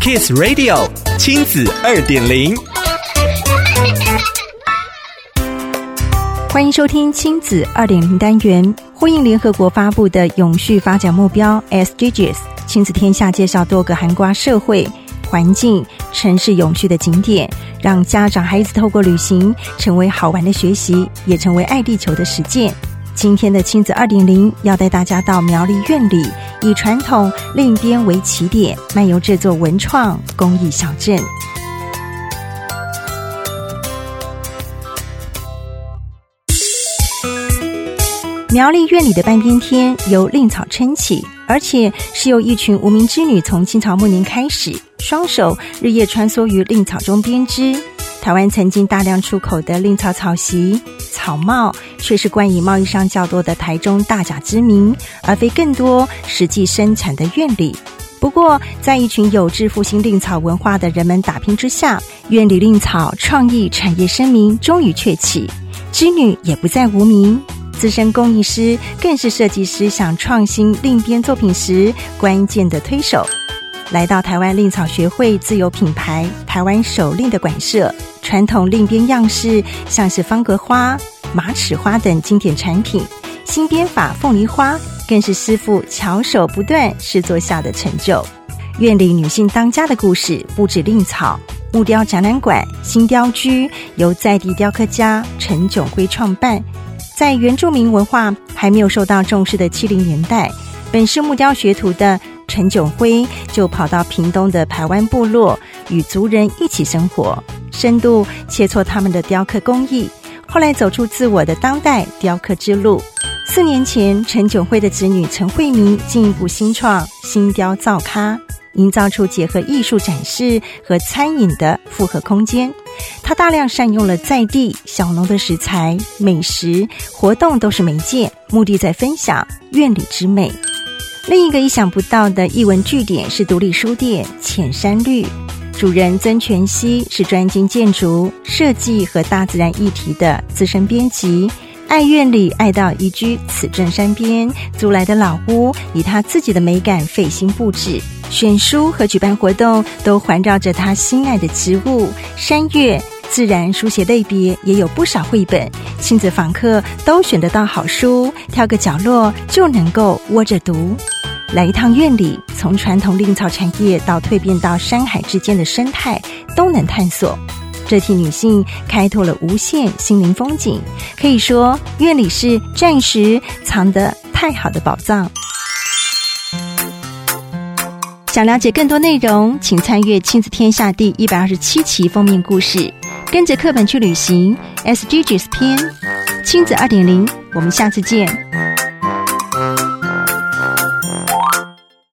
Kiss Radio 親子二點零，歡迎收聽親子二點零單元。呼應聯合國發布的永續發展目標 SDGs，親子天下介紹多個涵括社會、環境、城市永續的景點，讓家長孩子透過旅行成為好玩的學習，也成為愛地球的實踐。今天的親子二點零要帶大家到苗栗苑里。以傳統藺編為起點，漫遊這座文創工藝小鎮。苗栗苑裡的半邊天由藺草撐起，而且是由一群無名之女從清朝末年開始，雙手日夜穿梭於藺草中編織。台灣曾經大量出口的藺草草席、草帽，卻是冠以貿易商較多的台中大甲之名，而非更多實際生產的苑里。不過，在一群有志復興藺草文化的人們打拼之下，苑里藺草創意產業聲名終於鵲起，織女也不再無名，資深工藝師更是設計師想創新藺編作品時關鍵的推手。來到台灣藺草學會自有品牌“台灣手藺”的館舍，傳統藺編樣式像是方格花、馬齒花等經典產品，新編法鳳梨花更是師傅巧手不斷制作下的成就。苑裡女性當家的故事不止藺草，木雕展覽館“心雕居”由在地雕刻家陳炯輝創辦，在原住民文化還沒有受到重視的七零年代，本是木雕學徒的。陳炯輝就跑到屏東的排灣部落，與族人一起生活，深度切磋他們的雕刻工藝。後來走出自我的當代雕刻之路。四年前，陳炯輝的子女陳慧明進一步新創新雕灶咖，營造出結合藝術展示和餐飲的複合空間。他大量善用了在地小農的食材，美食活動都是媒介，目的在分享院裡之美。另一個意想不到的藝文據點是獨立書店淺山綠，主人曾全熙是專精建築設計和大自然議題的資深編輯，愛苑裡愛到移居此鎮山邊租來的老屋，以他自己的美感費心佈置，選書和舉辦活動都環繞着他心愛的植物山嶽。自然書寫類別也有不少繪本，親子訪客都選得到好書，挑個角落就能夠窩着讀。來一趟苑裡，從傳統藺草產業到蛻變到山海之間的生態，都能探索，這替女性開拓了無限心靈風景。可以說，苑裡是暫時藏得太好的寶藏。想了解更多內容，請參閱《親子天下》第一百二十七期封面故事。跟着課本去旅行，SDGs 篇，P、A, 親子二點零，我們下次見。